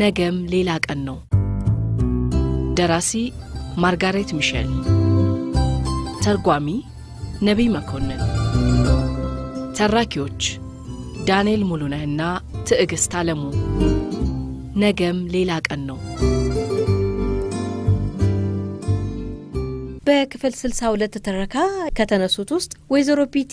ነገም ሌላ ቀን ነው። ደራሲ ማርጋሬት ሚሸል፣ ተርጓሚ ነቢይ መኮንን፣ ተራኪዎች ዳንኤል ሙሉነህና ትዕግሥት አለሙ። ነገም ሌላ ቀን ነው። በክፍል 62 ትረካ ከተነሱት ውስጥ ወይዘሮ ፒቲ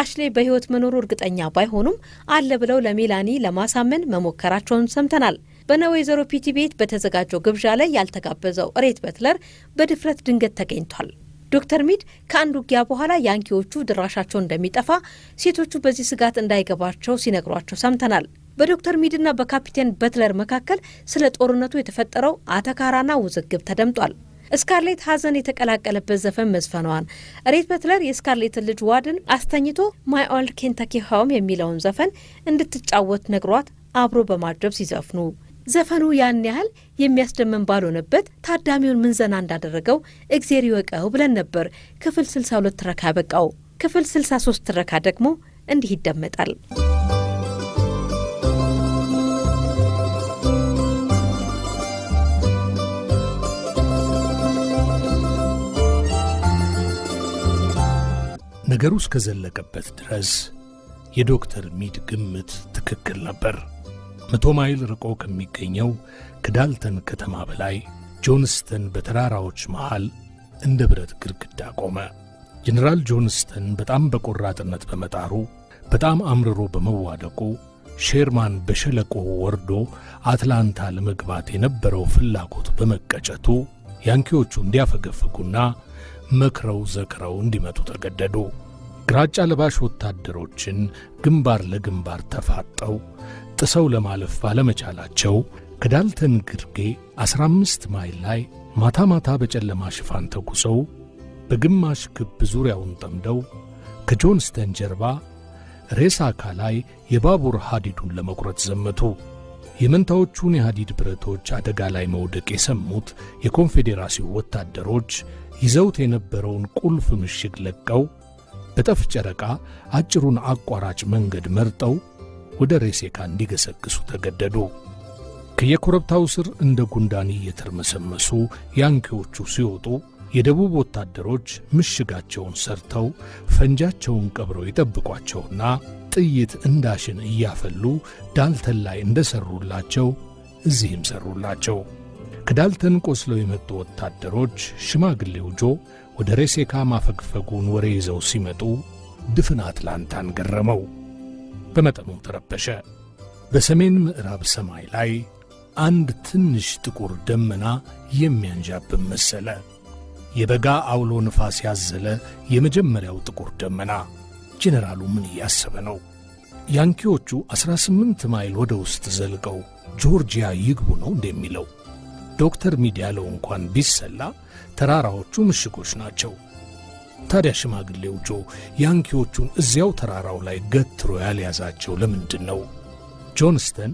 አሽሌ በሕይወት መኖሩ እርግጠኛ ባይሆኑም አለ ብለው ለሜላኒ ለማሳመን መሞከራቸውን ሰምተናል። በነ ወይዘሮ ፒቲ ቤት በተዘጋጀው ግብዣ ላይ ያልተጋበዘው ሬት በትለር በድፍረት ድንገት ተገኝቷል። ዶክተር ሚድ ከአንድ ውጊያ በኋላ ያንኪዎቹ ድራሻቸው እንደሚጠፋ ሴቶቹ በዚህ ስጋት እንዳይገባቸው ሲነግሯቸው ሰምተናል። በዶክተር ሚድና በካፒቴን በትለር መካከል ስለ ጦርነቱ የተፈጠረው አተካራና ውዝግብ ተደምጧል። ስካርሌት ሀዘን የተቀላቀለበት ዘፈን መዝፈኗዋን ሬት በትለር የስካርሌትን ልጅ ዋድን አስተኝቶ ማይ ኦልድ ኬንታኪ ሆም የሚለውን ዘፈን እንድትጫወት ነግሯት አብሮ በማጀብ ሲዘፍኑ ዘፈኑ ያን ያህል የሚያስደመም ባልሆነበት ታዳሚውን ምንዘና እንዳደረገው እግዜር ይወቀው ብለን ነበር። ክፍል 62 ትረካ ያበቃው። ክፍል 63 ትረካ ደግሞ እንዲህ ይደመጣል። ነገሩ እስከዘለቀበት ድረስ የዶክተር ሚድ ግምት ትክክል ነበር። መቶ ማይል ርቆ ከሚገኘው ከዳልተን ከተማ በላይ ጆንስተን በተራራዎች መሃል እንደ ብረት ግድግዳ ቆመ። ጀኔራል ጆንስተን በጣም በቆራጥነት በመጣሩ በጣም አምርሮ በመዋደቁ ሼርማን በሸለቆ ወርዶ አትላንታ ለመግባት የነበረው ፍላጎት በመቀጨቱ ያንኪዎቹ እንዲያፈገፍጉና መክረው ዘክረው እንዲመጡ ተገደዱ። ግራጫ ለባሽ ወታደሮችን ግንባር ለግንባር ተፋጠው ጥሰው ለማለፍ ባለመቻላቸው ከዳልተን ግርጌ 15 ማይል ላይ ማታ ማታ በጨለማ ሽፋን ተጉዘው በግማሽ ክብ ዙሪያውን ጠምደው ከጆንስተን ጀርባ ሬሳካ ላይ የባቡር ሐዲዱን ለመቁረጥ ዘመቱ። የመንታዎቹን የሐዲድ ብረቶች አደጋ ላይ መውደቅ የሰሙት የኮንፌዴራሲው ወታደሮች ይዘውት የነበረውን ቁልፍ ምሽግ ለቀው በጠፍ ጨረቃ አጭሩን አቋራጭ መንገድ መርጠው ወደ ሬሴካ እንዲገሰግሱ ተገደዱ። ከየኮረብታው ስር እንደ ጉንዳኒ እየተርመሰመሱ ያንኪዎቹ ሲወጡ የደቡብ ወታደሮች ምሽጋቸውን ሰርተው ፈንጃቸውን ቀብረው ይጠብቋቸውና ጥይት እንዳሽን እያፈሉ ዳልተን ላይ እንደሰሩላቸው እዚህም ሰሩላቸው። ከዳልተን ቆስለው የመጡ ወታደሮች ሽማግሌው ጆ ወደ ሬሴካ ማፈግፈጉን ወሬ ይዘው ሲመጡ ድፍን አትላንታን ገረመው። በመጠኑ ተረበሸ። በሰሜን ምዕራብ ሰማይ ላይ አንድ ትንሽ ጥቁር ደመና የሚያንዣብም መሰለ። የበጋ አውሎ ንፋስ ያዘለ የመጀመሪያው ጥቁር ደመና። ጄኔራሉ ምን እያሰበ ነው? ያንኪዎቹ 18 ማይል ወደ ውስጥ ዘልቀው ጆርጂያ ይግቡ ነው እንደሚለው ዶክተር ሚዲያለው እንኳን ቢሰላ ተራራዎቹ ምሽጎች ናቸው። ታዲያ ሽማግሌው ጆ ያንኪዎቹን እዚያው ተራራው ላይ ገትሮ ያልያዛቸው ለምንድን ነው? ጆንስተን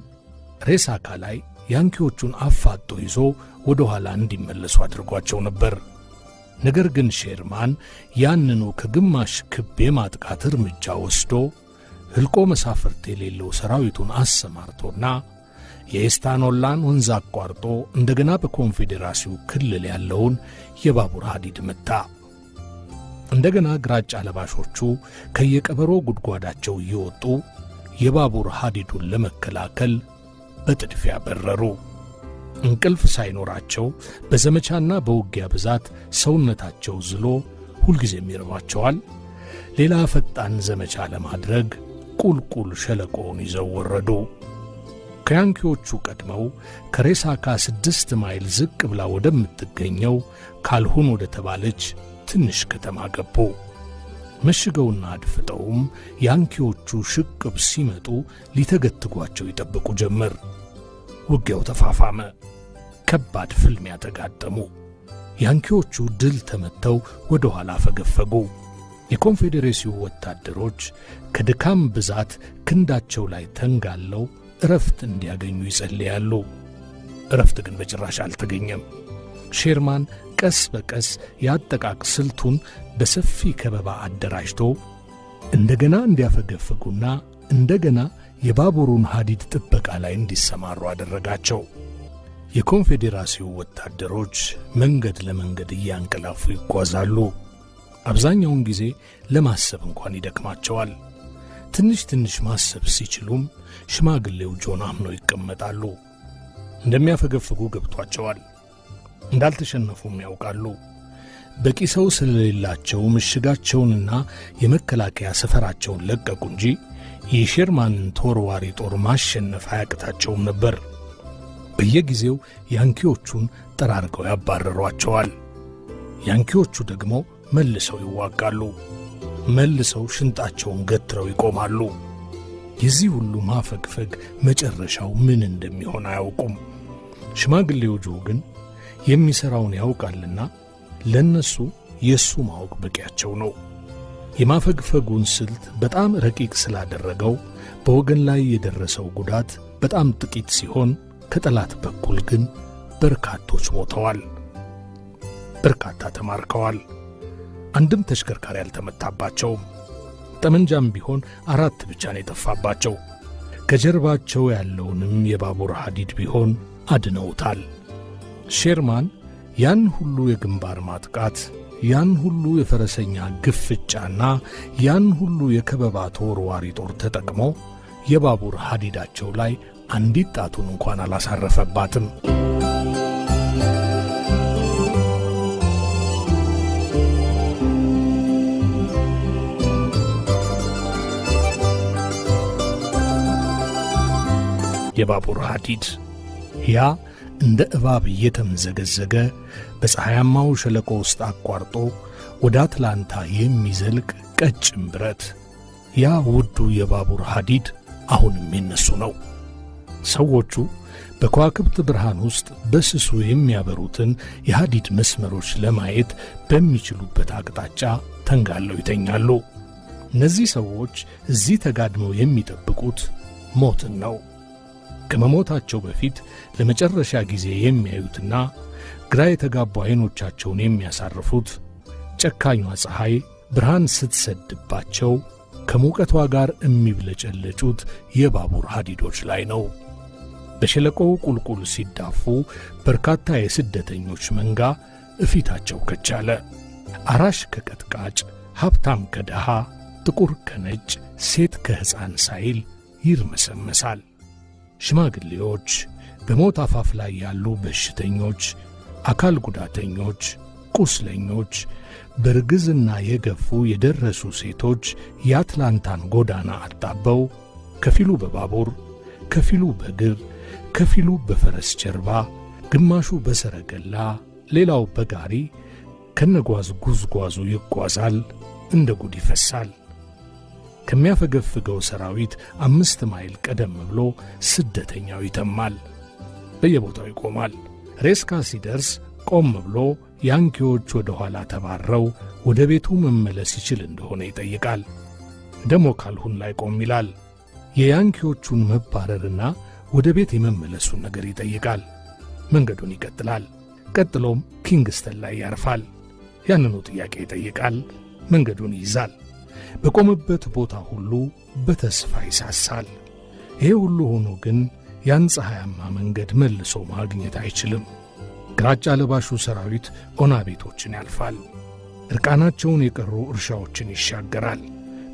ሬሳካ ላይ ያንኪዎቹን አፋጦ ይዞ ወደ ኋላ እንዲመለሱ አድርጓቸው ነበር። ነገር ግን ሼርማን ያንኑ ከግማሽ ክብ የማጥቃት እርምጃ ወስዶ ሕልቆ መሳፍርት የሌለው ሰራዊቱን አሰማርቶና የኤስታኖላን ወንዝ አቋርጦ እንደገና በኮንፌዴራሲው ክልል ያለውን የባቡር ሐዲድ መታ። እንደገና ግራጫ ለባሾቹ ከየቀበሮ ጉድጓዳቸው እየወጡ የባቡር ሐዲዱን ለመከላከል በጥድፊያ በረሩ። እንቅልፍ ሳይኖራቸው በዘመቻና በውጊያ ብዛት ሰውነታቸው ዝሎ ሁልጊዜም ይርባቸዋል። ሌላ ፈጣን ዘመቻ ለማድረግ ቁልቁል ሸለቆውን ይዘው ወረዱ። ከያንኪዎቹ ቀድመው ከሬሳካ ስድስት ማይል ዝቅ ብላ ወደምትገኘው ካልሁን ወደ ተባለች ትንሽ ከተማ ገቡ። መሽገውና አድፍጠውም ያንኪዎቹ ሽቅብ ሲመጡ ሊተገትጓቸው ይጠብቁ ጀመር። ውጊያው ተፋፋመ። ከባድ ፍልሚያ ተጋጠሙ። ያንኪዎቹ ድል ተመተው ወደ ኋላ ፈገፈጉ። የኮንፌዴሬሲው ወታደሮች ከድካም ብዛት ክንዳቸው ላይ ተንጋለው እረፍት እንዲያገኙ ይጸልያሉ። እረፍት ግን በጭራሽ አልተገኘም። ሼርማን ቀስ በቀስ የአጠቃቅ ስልቱን በሰፊ ከበባ አደራጅቶ እንደገና እንዲያፈገፍጉና እንደገና የባቡሩን ሐዲድ ጥበቃ ላይ እንዲሰማሩ አደረጋቸው። የኮንፌዴራሲው ወታደሮች መንገድ ለመንገድ እያንቀላፉ ይጓዛሉ። አብዛኛውን ጊዜ ለማሰብ እንኳን ይደክማቸዋል። ትንሽ ትንሽ ማሰብ ሲችሉም ሽማግሌው ጆን አምነው ይቀመጣሉ። እንደሚያፈገፍጉ ገብቷቸዋል። እንዳልተሸነፉም ያውቃሉ። በቂ ሰው ስለሌላቸው ምሽጋቸውንና የመከላከያ ሰፈራቸውን ለቀቁ እንጂ የሼርማንን ተወርዋሪ ጦር ማሸነፍ አያቅታቸውም ነበር። በየጊዜው ያንኪዎቹን ጠራርገው ያባረሯቸዋል። ያንኪዎቹ ደግሞ መልሰው ይዋጋሉ። መልሰው ሽንጣቸውን ገትረው ይቆማሉ። የዚህ ሁሉ ማፈግፈግ መጨረሻው ምን እንደሚሆን አያውቁም። ሽማግሌው ጆ ግን የሚሠራውን ያውቃልና ለእነሱ የእሱ ማወቅ በቂያቸው ነው። የማፈግፈጉን ስልት በጣም ረቂቅ ስላደረገው በወገን ላይ የደረሰው ጉዳት በጣም ጥቂት ሲሆን ከጠላት በኩል ግን በርካቶች ሞተዋል፣ በርካታ ተማርከዋል። አንድም ተሽከርካሪ አልተመታባቸውም። ጠመንጃም ቢሆን አራት ብቻ ነው የጠፋባቸው። ከጀርባቸው ያለውንም የባቡር ሐዲድ ቢሆን አድነውታል። ሼርማን ያን ሁሉ የግንባር ማጥቃት፣ ያን ሁሉ የፈረሰኛ ግፍጫና ያን ሁሉ የከበባ ተወርዋሪ ጦር ተጠቅሞ የባቡር ሐዲዳቸው ላይ አንዲት ጣቱን እንኳን አላሳረፈባትም። የባቡር ሐዲድ ያ እንደ እባብ እየተምዘገዘገ በፀሐያማው ሸለቆ ውስጥ አቋርጦ ወደ አትላንታ የሚዘልቅ ቀጭን ብረት። ያ ውዱ የባቡር ሐዲድ አሁንም የነሱ ነው። ሰዎቹ በከዋክብት ብርሃን ውስጥ በስሱ የሚያበሩትን የሐዲድ መስመሮች ለማየት በሚችሉበት አቅጣጫ ተንጋለው ይተኛሉ። እነዚህ ሰዎች እዚህ ተጋድመው የሚጠብቁት ሞትን ነው። ከመሞታቸው በፊት ለመጨረሻ ጊዜ የሚያዩትና ግራ የተጋቡ ዐይኖቻቸውን የሚያሳርፉት ጨካኟ ፀሐይ ብርሃን ስትሰድባቸው ከሙቀቷ ጋር የሚብለጨለጩት የባቡር ሐዲዶች ላይ ነው። በሸለቆው ቁልቁል ሲዳፉ በርካታ የስደተኞች መንጋ እፊታቸው ከቻለ። አራሽ ከቀጥቃጭ፣ ሀብታም ከደሃ፣ ጥቁር ከነጭ፣ ሴት ከሕፃን ሳይል ይርመሰመሳል። ሽማግሌዎች፣ በሞት አፋፍ ላይ ያሉ በሽተኞች፣ አካል ጉዳተኞች፣ ቁስለኞች፣ በርግዝና የገፉ የደረሱ ሴቶች የአትላንታን ጎዳና አጣበው ከፊሉ በባቡር ከፊሉ በእግር ከፊሉ በፈረስ ጀርባ ግማሹ በሰረገላ ሌላው በጋሪ ከነጓዝ ጉዝጓዙ ይጓዛል፣ እንደ ጉድ ይፈሳል። ከሚያፈገፍገው ሰራዊት አምስት ማይል ቀደም ብሎ ስደተኛው ይተማል። በየቦታው ይቆማል። ሬስካ ሲደርስ ቆም ብሎ ያንኪዎች ወደ ኋላ ተባረው ወደ ቤቱ መመለስ ይችል እንደሆነ ይጠይቃል። ደሞ ካልሁን ላይ ቆም ይላል። የያንኪዎቹን መባረርና ወደ ቤት የመመለሱን ነገር ይጠይቃል። መንገዱን ይቀጥላል። ቀጥሎም ኪንግስተን ላይ ያርፋል። ያንኑ ጥያቄ ይጠይቃል። መንገዱን ይይዛል። በቆመበት ቦታ ሁሉ በተስፋ ይሳሳል። ይሄ ሁሉ ሆኖ ግን ያን ፀሐያማ መንገድ መልሶ ማግኘት አይችልም። ግራጫ ለባሹ ሰራዊት ኦና ቤቶችን ያልፋል። እርቃናቸውን የቀሩ እርሻዎችን ይሻገራል።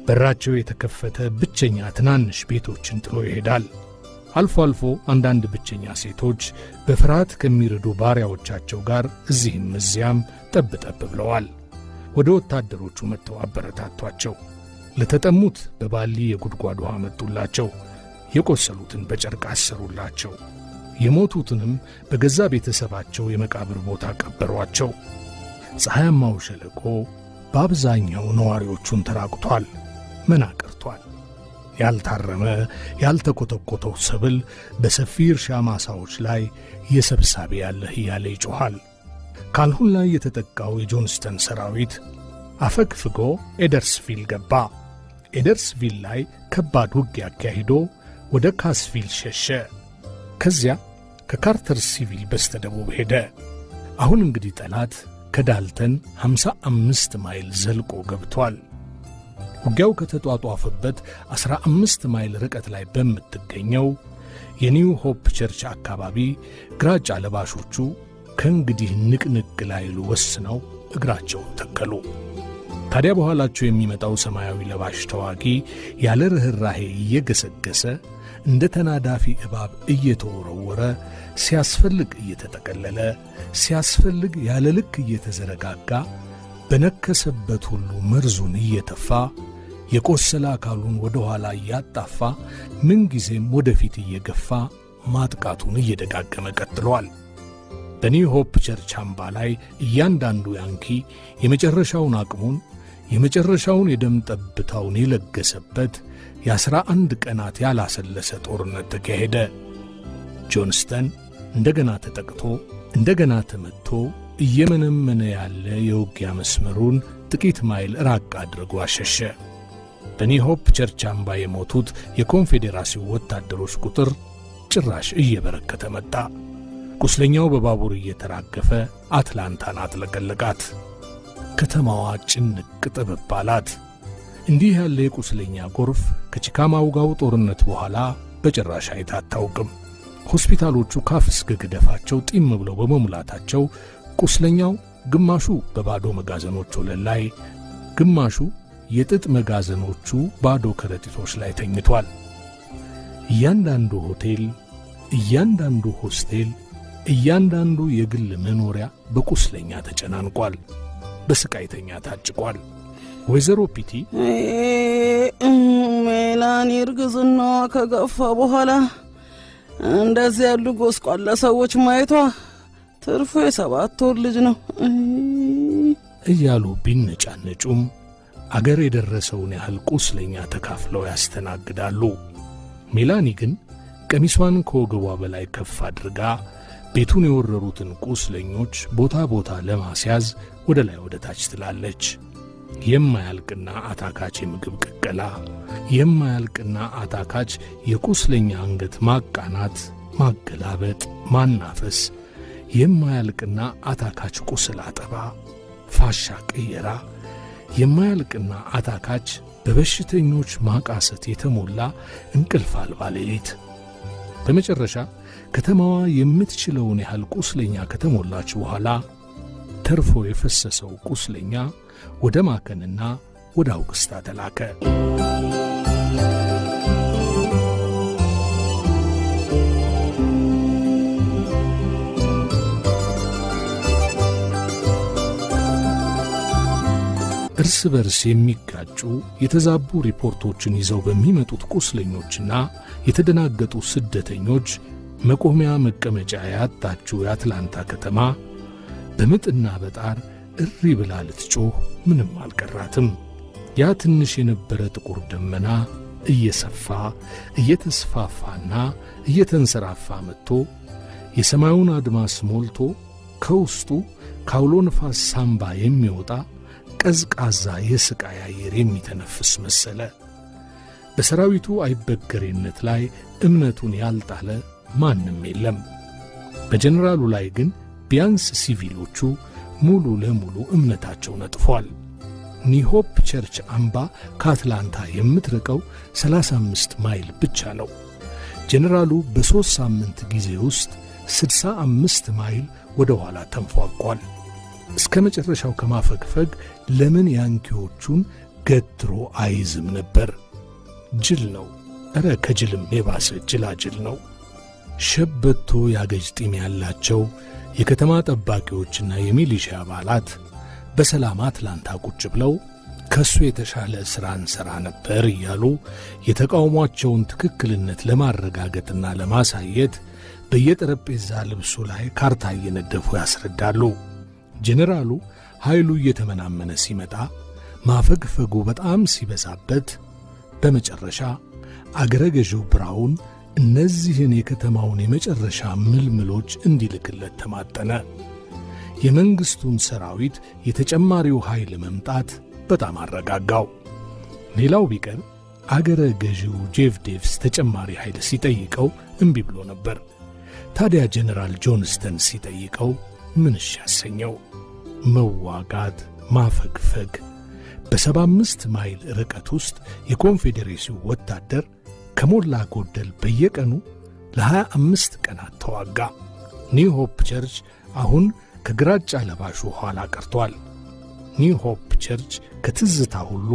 በራቸው የተከፈተ ብቸኛ ትናንሽ ቤቶችን ጥሎ ይሄዳል። አልፎ አልፎ አንዳንድ ብቸኛ ሴቶች በፍርሃት ከሚረዱ ባሪያዎቻቸው ጋር እዚህም እዚያም ጠብ ጠብ ብለዋል። ወደ ወታደሮቹ መጥተው አበረታቷቸው። ለተጠሙት በባሊ የጉድጓድ ውሃ መጡላቸው። የቆሰሉትን በጨርቅ አሰሩላቸው። የሞቱትንም በገዛ ቤተሰባቸው የመቃብር ቦታ ቀበሯቸው። ፀሐያማው ሸለቆ በአብዛኛው ነዋሪዎቹን ተራቁቷል፣ መናቅርቷል። ያልታረመ ያልተኮተኮተው ሰብል በሰፊ እርሻ ማሳዎች ላይ የሰብሳቢ ያለህ እያለ ይጮኋል። ካልሁን ላይ የተጠቃው የጆንስተን ሰራዊት አፈግፍጎ ኤደርስቪል ገባ። ኤደርስቪል ላይ ከባድ ውጊያ አካሂዶ ወደ ካስቪል ሸሸ። ከዚያ ከካርተር ሲቪል በስተ ደቡብ ሄደ። አሁን እንግዲህ ጠላት ከዳልተን 55 ማይል ዘልቆ ገብቷል። ውጊያው ከተጧጧፈበት 15 ማይል ርቀት ላይ በምትገኘው የኒው ሆፕ ቸርች አካባቢ ግራጫ ለባሾቹ ከእንግዲህ ንቅንቅ ላይሉ ወስነው እግራቸውን ተከሉ። ታዲያ በኋላቸው የሚመጣው ሰማያዊ ለባሽ ተዋጊ ያለ ርኅራሄ እየገሰገሰ እንደ ተናዳፊ እባብ እየተወረወረ ሲያስፈልግ እየተጠቀለለ ሲያስፈልግ ያለ ልክ እየተዘረጋጋ በነከሰበት ሁሉ መርዙን እየተፋ የቆሰለ አካሉን ወደ ኋላ እያጣፋ ምንጊዜም ወደፊት እየገፋ ማጥቃቱን እየደጋገመ ቀጥሏል። በኒው ሆፕ ቸርች አምባ ላይ እያንዳንዱ ያንኪ የመጨረሻውን አቅሙን የመጨረሻውን የደም ጠብታውን የለገሰበት የአሥራ አንድ ቀናት ያላሰለሰ ጦርነት ተካሄደ። ጆንስተን እንደ ገና ተጠቅቶ እንደ ገና ተመትቶ እየመነመነ ያለ የውጊያ መስመሩን ጥቂት ማይል ራቅ አድርጎ አሸሸ። በኒሆፕ ቸርች አምባ የሞቱት የኮንፌዴራሲው ወታደሮች ቁጥር ጭራሽ እየበረከተ መጣ። ቁስለኛው በባቡር እየተራገፈ አትላንታን አጥለቀለቃት። ከተማዋ ጭንቅ ጥብብ አላት። እንዲህ ያለ የቁስለኛ ጎርፍ ከቺካማውጋው ጦርነት በኋላ በጭራሽ አይታ አታውቅም። ሆስፒታሎቹ ካፍ እስከ ጢም ብለው በመሙላታቸው ቁስለኛው ግማሹ በባዶ መጋዘኖች ወለል ላይ፣ ግማሹ የጥጥ መጋዘኖቹ ባዶ ከረጢቶች ላይ ተኝቷል። እያንዳንዱ ሆቴል፣ እያንዳንዱ ሆስቴል እያንዳንዱ የግል መኖሪያ በቁስለኛ ተጨናንቋል፣ በስቃይተኛ ታጭቋል። ወይዘሮ ፒቲ ሜላኒ እርግዝናዋ ከገፋ በኋላ እንደዚህ ያሉ ጎስቋላ ሰዎች ማየቷ ትርፉ የሰባት ወር ልጅ ነው እያሉ ቢነጫነጩም አገር የደረሰውን ያህል ቁስለኛ ተካፍለው ያስተናግዳሉ። ሜላኒ ግን ቀሚሷን ከወገቧ በላይ ከፍ አድርጋ ቤቱን የወረሩትን ቁስለኞች ቦታ ቦታ ለማስያዝ ወደ ላይ ወደ ታች ትላለች። የማያልቅና አታካች የምግብ ቅቀላ፣ የማያልቅና አታካች የቁስለኛ አንገት ማቃናት፣ ማገላበጥ፣ ማናፈስ፣ የማያልቅና አታካች ቁስል አጠባ፣ ፋሻ ቅየራ፣ የማያልቅና አታካች በበሽተኞች ማቃሰት የተሞላ እንቅልፍ አልባ ሌሊት በመጨረሻ ከተማዋ የምትችለውን ያህል ቁስለኛ ከተሞላች በኋላ ተርፎ የፈሰሰው ቁስለኛ ወደ ማከንና ወደ አውግስታ ተላከ። እርስ በርስ የሚጋጩ የተዛቡ ሪፖርቶችን ይዘው በሚመጡት ቁስለኞችና የተደናገጡ ስደተኞች መቆሚያ መቀመጫ ያጣችው የአትላንታ ከተማ በምጥና በጣር እሪ ብላ ልትጮህ ምንም አልቀራትም። ያ ትንሽ የነበረ ጥቁር ደመና እየሰፋ እየተስፋፋና እየተንሰራፋ መጥቶ የሰማዩን አድማስ ሞልቶ ከውስጡ ካውሎ ነፋስ ሳምባ የሚወጣ ቀዝቃዛ የሥቃይ አየር የሚተነፍስ መሰለ። በሰራዊቱ አይበገሬነት ላይ እምነቱን ያልጣለ ማንም የለም። በጀነራሉ ላይ ግን ቢያንስ ሲቪሎቹ ሙሉ ለሙሉ እምነታቸው ነጥፏል። ኒሆፕ ቸርች አምባ ከአትላንታ የምትርቀው 35 ማይል ብቻ ነው። ጀነራሉ በሦስት ሳምንት ጊዜ ውስጥ 65 ማይል ወደ ኋላ ተንፏቋል። እስከ መጨረሻው ከማፈግፈግ ለምን ያንኪዎቹን ገትሮ አይዝም ነበር? ጅል ነው። እረ ከጅልም የባሰ ጅላጅል ነው። ሸበቶ ያገጅ ጢም ያላቸው የከተማ ጠባቂዎችና የሚሊሻ አባላት በሰላም አትላንታ ቁጭ ብለው ከሱ የተሻለ ሥራ እንሠራ ነበር እያሉ የተቃውሟቸውን ትክክልነት ለማረጋገጥና ለማሳየት በየጠረጴዛ ልብሱ ላይ ካርታ እየነደፉ ያስረዳሉ። ጄኔራሉ ኃይሉ እየተመናመነ ሲመጣ ማፈግፈጉ በጣም ሲበዛበት በመጨረሻ አገረ ገዢው ብራውን እነዚህን የከተማውን የመጨረሻ ምልምሎች እንዲልክለት ተማጠነ። የመንግሥቱን ሰራዊት የተጨማሪው ኃይል መምጣት በጣም አረጋጋው። ሌላው ቢቀር አገረ ገዢው ጄቭዴቭስ ተጨማሪ ኃይል ሲጠይቀው እምቢ ብሎ ነበር። ታዲያ ጀነራል ጆንስተን ሲጠይቀው ምንሽ ያሰኘው? መዋጋት፣ ማፈግፈግ። በሰባ አምስት ማይል ርቀት ውስጥ የኮንፌዴሬሲው ወታደር ከሞላ ጎደል በየቀኑ ለ25 ቀናት ተዋጋ። ኒው ሆፕ ቸርች አሁን ከግራጫ ለባሹ ኋላ ቀርቷል። ኒው ሆፕ ቸርች ከትዝታ ሁሉ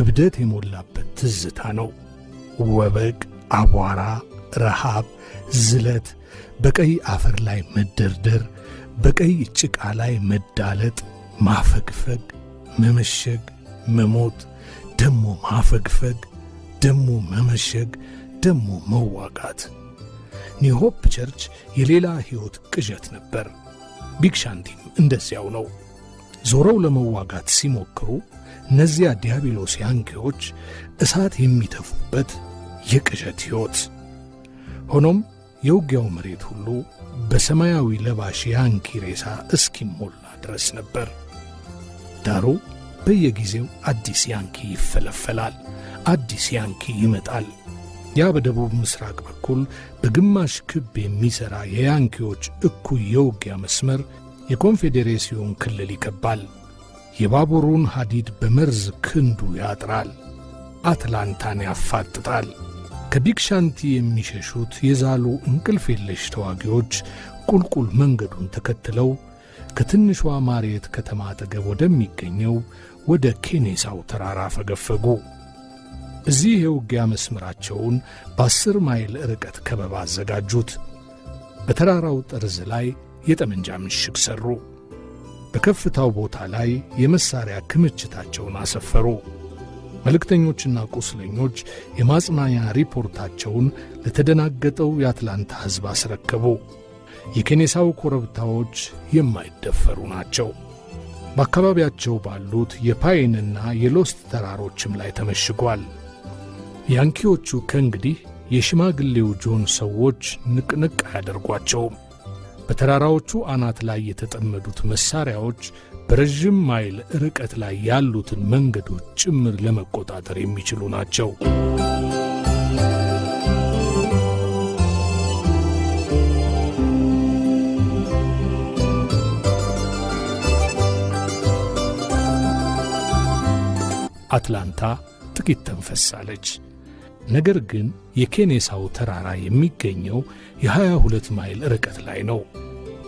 እብደት የሞላበት ትዝታ ነው። ወበቅ፣ አቧራ፣ ረሃብ፣ ዝለት፣ በቀይ አፈር ላይ መደርደር፣ በቀይ ጭቃ ላይ መዳለጥ፣ ማፈግፈግ፣ መመሸግ፣ መሞት፣ ደሞ ማፈግፈግ ደሞ መመሸግ፣ ደሞ መዋጋት። ኒሆፕ ቸርች የሌላ ሕይወት ቅዠት ነበር። ቢግሻንቲም ሻንቲም እንደዚያው ነው። ዞረው ለመዋጋት ሲሞክሩ እነዚያ ዲያብሎስ ያንኪዎች እሳት የሚተፉበት የቅዠት ሕይወት። ሆኖም የውጊያው መሬት ሁሉ በሰማያዊ ለባሽ ያንኪ ሬሳ እስኪሞላ ድረስ ነበር። ዳሩ በየጊዜው አዲስ ያንኪ ይፈለፈላል። አዲስ ያንኪ ይመጣል። ያ በደቡብ ምስራቅ በኩል በግማሽ ክብ የሚሠራ የያንኪዎች እኩይ የውጊያ መስመር የኮንፌዴሬሲዮን ክልል ይከባል። የባቡሩን ሐዲድ በመርዝ ክንዱ ያጥራል። አትላንታን ያፋጥጣል። ከቢግሻንቲ የሚሸሹት የዛሉ እንቅልፍ የለሽ ተዋጊዎች ቁልቁል መንገዱን ተከትለው ከትንሿ ማርየት ከተማ አጠገብ ወደሚገኘው ወደ ኬኔሳው ተራራ ፈገፈጉ። እዚህ የውጊያ መስመራቸውን በአስር ማይል ርቀት ከበባ አዘጋጁት። በተራራው ጠርዝ ላይ የጠመንጃ ምሽግ ሠሩ። በከፍታው ቦታ ላይ የመሣሪያ ክምችታቸውን አሰፈሩ። መልእክተኞችና ቁስለኞች የማጽናኛ ሪፖርታቸውን ለተደናገጠው የአትላንታ ሕዝብ አስረከቡ። የኬኔሳው ኮረብታዎች የማይደፈሩ ናቸው። በአካባቢያቸው ባሉት የፓይንና የሎስት ተራሮችም ላይ ተመሽጓል። ያንኪዎቹ ከእንግዲህ የሽማግሌው ጆን ሰዎች ንቅንቅ አያደርጓቸውም። በተራራዎቹ አናት ላይ የተጠመዱት መሣሪያዎች በረዥም ማይል ርቀት ላይ ያሉትን መንገዶች ጭምር ለመቆጣጠር የሚችሉ ናቸው። አትላንታ ጥቂት ተንፈሳለች። ነገር ግን የኬኔሳው ተራራ የሚገኘው የ22 ማይል ርቀት ላይ ነው።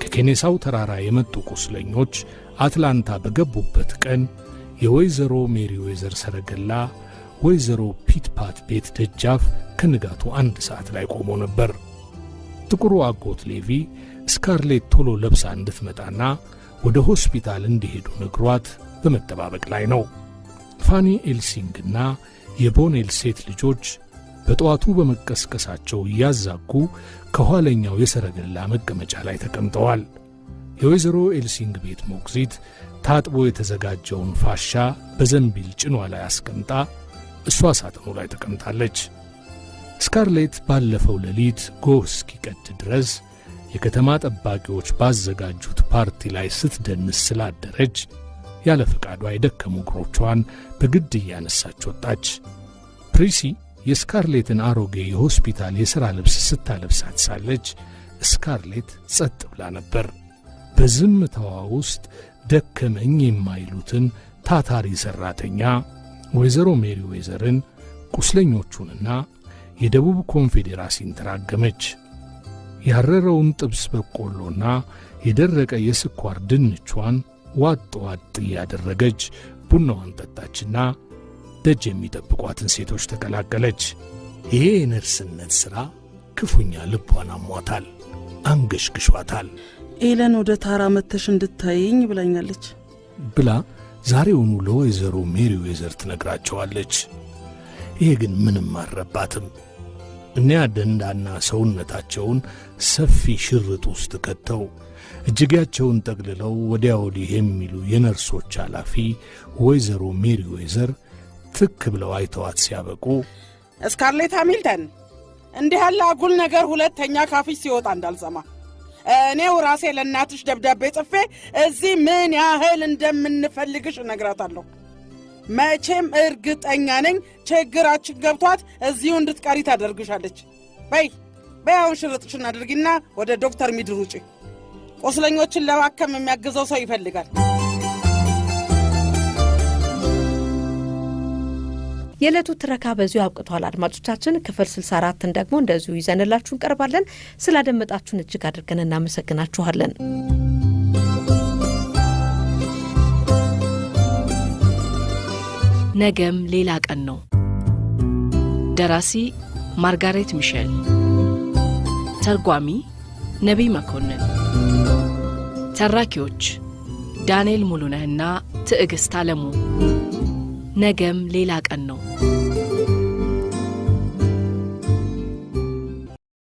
ከኬኔሳው ተራራ የመጡ ቁስለኞች አትላንታ በገቡበት ቀን የወይዘሮ ሜሪ ወይዘር ሰረገላ ወይዘሮ ፒትፓት ቤት ደጃፍ ከንጋቱ አንድ ሰዓት ላይ ቆሞ ነበር። ጥቁሩ አጎት ሌቪ ስካርሌት ቶሎ ለብሳ እንድትመጣና ወደ ሆስፒታል እንዲሄዱ ነግሯት በመጠባበቅ ላይ ነው። ፋኒ ኤልሲንግና የቦኔል ሴት ልጆች በጠዋቱ በመቀስቀሳቸው እያዛጉ ከኋለኛው የሰረገላ መቀመጫ ላይ ተቀምጠዋል። የወይዘሮ ኤልሲንግ ቤት ሞግዚት ታጥቦ የተዘጋጀውን ፋሻ በዘንቢል ጭኗ ላይ አስቀምጣ እሷ ሳጥኑ ላይ ተቀምጣለች። ስካርሌት ባለፈው ሌሊት ጎህ እስኪቀድ ድረስ የከተማ ጠባቂዎች ባዘጋጁት ፓርቲ ላይ ስትደንስ ስላደረች ያለ ፈቃዷ የደከሙ እግሮቿን በግድ እያነሳች ወጣች። ፕሪሲ የስካርሌትን አሮጌ የሆስፒታል የሥራ ልብስ ስታለብሳት ሳለች ስካርሌት ጸጥ ብላ ነበር። በዝምታዋ ውስጥ ደከመኝ የማይሉትን ታታሪ ሠራተኛ ወይዘሮ ሜሪ ዌዘርን ቁስለኞቹንና የደቡብ ኮንፌዴራሲን ተራገመች። ያረረውን ጥብስ በቆሎና የደረቀ የስኳር ድንቿን ዋጥ ዋጥ እያደረገች ቡናዋን ጠጣችና ደጅ የሚጠብቋትን ሴቶች ተቀላቀለች። ይሄ የነርስነት ሥራ ክፉኛ ልቧን አሟታል፣ አንገሽግሿታል። ኤለን ወደ ታራ መተሽ እንድታየኝ ብላኛለች ብላ ዛሬውኑ ለወይዘሮ ሜሪ ዌዘር ትነግራቸዋለች። ይሄ ግን ምንም አልረባትም። እኒያ ደንዳና ሰውነታቸውን ሰፊ ሽርጥ ውስጥ ከተው እጅጌያቸውን ጠቅልለው ወዲያ ወዲህ የሚሉ የነርሶች ኃላፊ ወይዘሮ ሜሪ ዌዘር ትክ ብለው አይተዋት ሲያበቁ ስካርሌት ሃሚልተን እንዲህ ያለ አጉል ነገር ሁለተኛ ካፍሽ ሲወጣ እንዳልሰማ እኔው ራሴ ለእናትሽ ደብዳቤ ጽፌ እዚህ ምን ያህል እንደምንፈልግሽ እነግራታለሁ። መቼም እርግጠኛ ነኝ ችግራችን ገብቷት እዚሁ እንድትቀሪ ታደርግሻለች። በይ በይ አሁን ሽርጥሽን አድርጊና ወደ ዶክተር ሚድር ውጪ። ቁስለኞችን ለማከም የሚያግዘው ሰው ይፈልጋል። የዕለቱ ትረካ በዚሁ አብቅቷል። አድማጮቻችን ክፍል 64ን ደግሞ እንደዚሁ ይዘንላችሁ እንቀርባለን። ስላደመጣችሁን እጅግ አድርገን እናመሰግናችኋለን። ነገም ሌላ ቀን ነው። ደራሲ ማርጋሬት ሚሼል፣ ተርጓሚ ነቢይ መኮንን፣ ተራኪዎች ዳንኤል ሙሉነህና ትዕግሥት አለሙ ነገም ሌላ ቀን ነው።